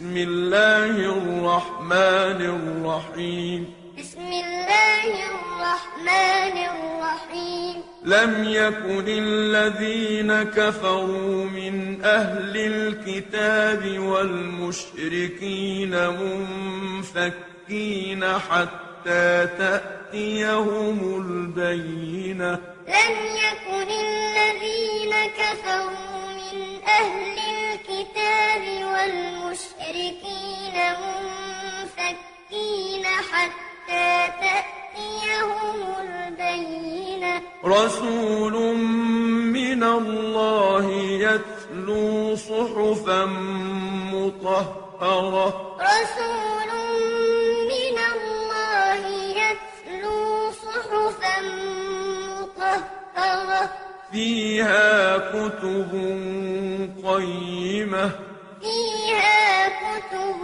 بسم الله الرحمن الرحيم بسم الله الرحمن الرحيم لم يكن الذين كفروا من أهل الكتاب والمشركين منفكين حتى تأتيهم البينة لم يكن الذين كفروا من أهل الكتاب والمشركين منفكين حتى تأتيهم البينة رسول من الله يتلو صحفا مطهرة رسول من الله يتلو صحفا مطهرة فيها كتب قيمة فيها كتب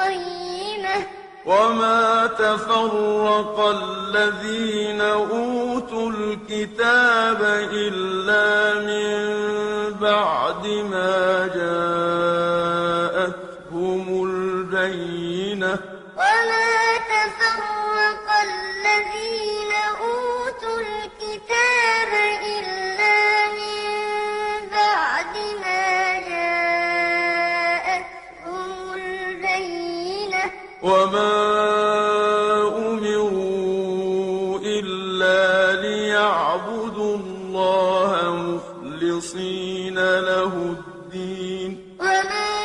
قيمة وما تفرق الذين أوتوا الكتاب إلا من بعد ما جاءوا وما أمروا إلا ليعبدوا الله مخلصين له الدين وما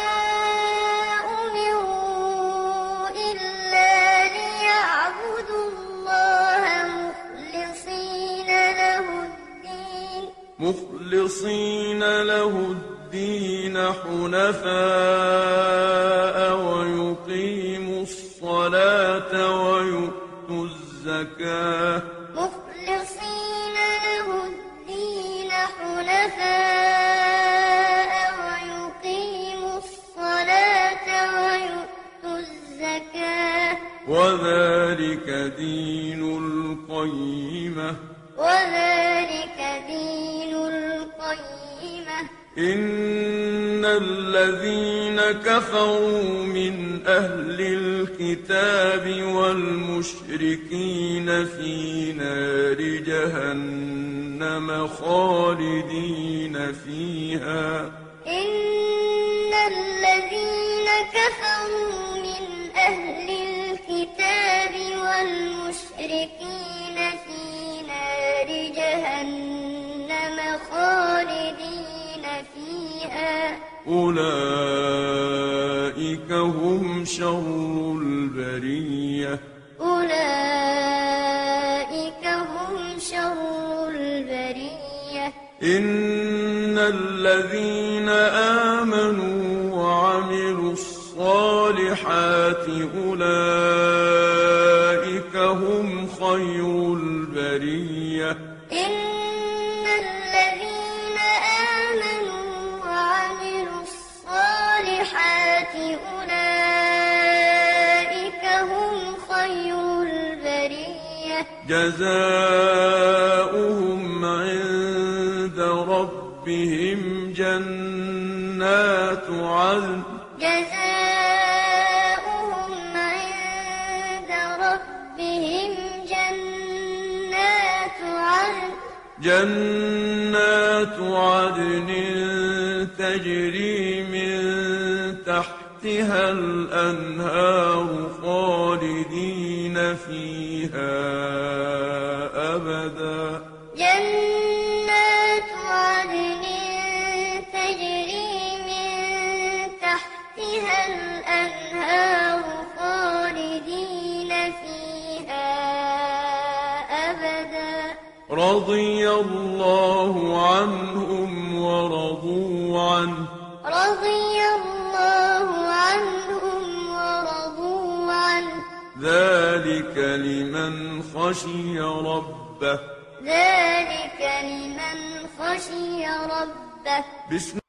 أمروا إلا ليعبدوا الله مخلصين له الدين مخلصين له الدين حنفاء ويقيم الصلاة ويؤتوا الزكاة مخلصين له الدين حنفاء ويقيموا الصلاة ويؤتوا الزكاة وذلك دين القيمة وذلك دين القيمة إن الذين كفروا من أهل الكتاب والمشركين في نار جهنم خالدين فيها إن الذين كفروا من أهل الكتاب والمشركين في نار جهنم خالدين فيها أولئك أولئك هم شر البرية أولئك هم شر البرية إن الذين آمنوا وعملوا الصالحات أولئك هم خير البريه جزاؤهم عند ربهم جنات عدن جزاؤهم عند ربهم جنات عدن جنات عدن تجري من تحتها الأنهار خالدين خالدين فيها أبدا جنات عدن تجري من تحتها الأنهار خالدين فيها أبدا رضي الله عنهم ورضوا عنه رضي الله ذلك لمن خشي ربه ذلك لمن خشي ربه بسم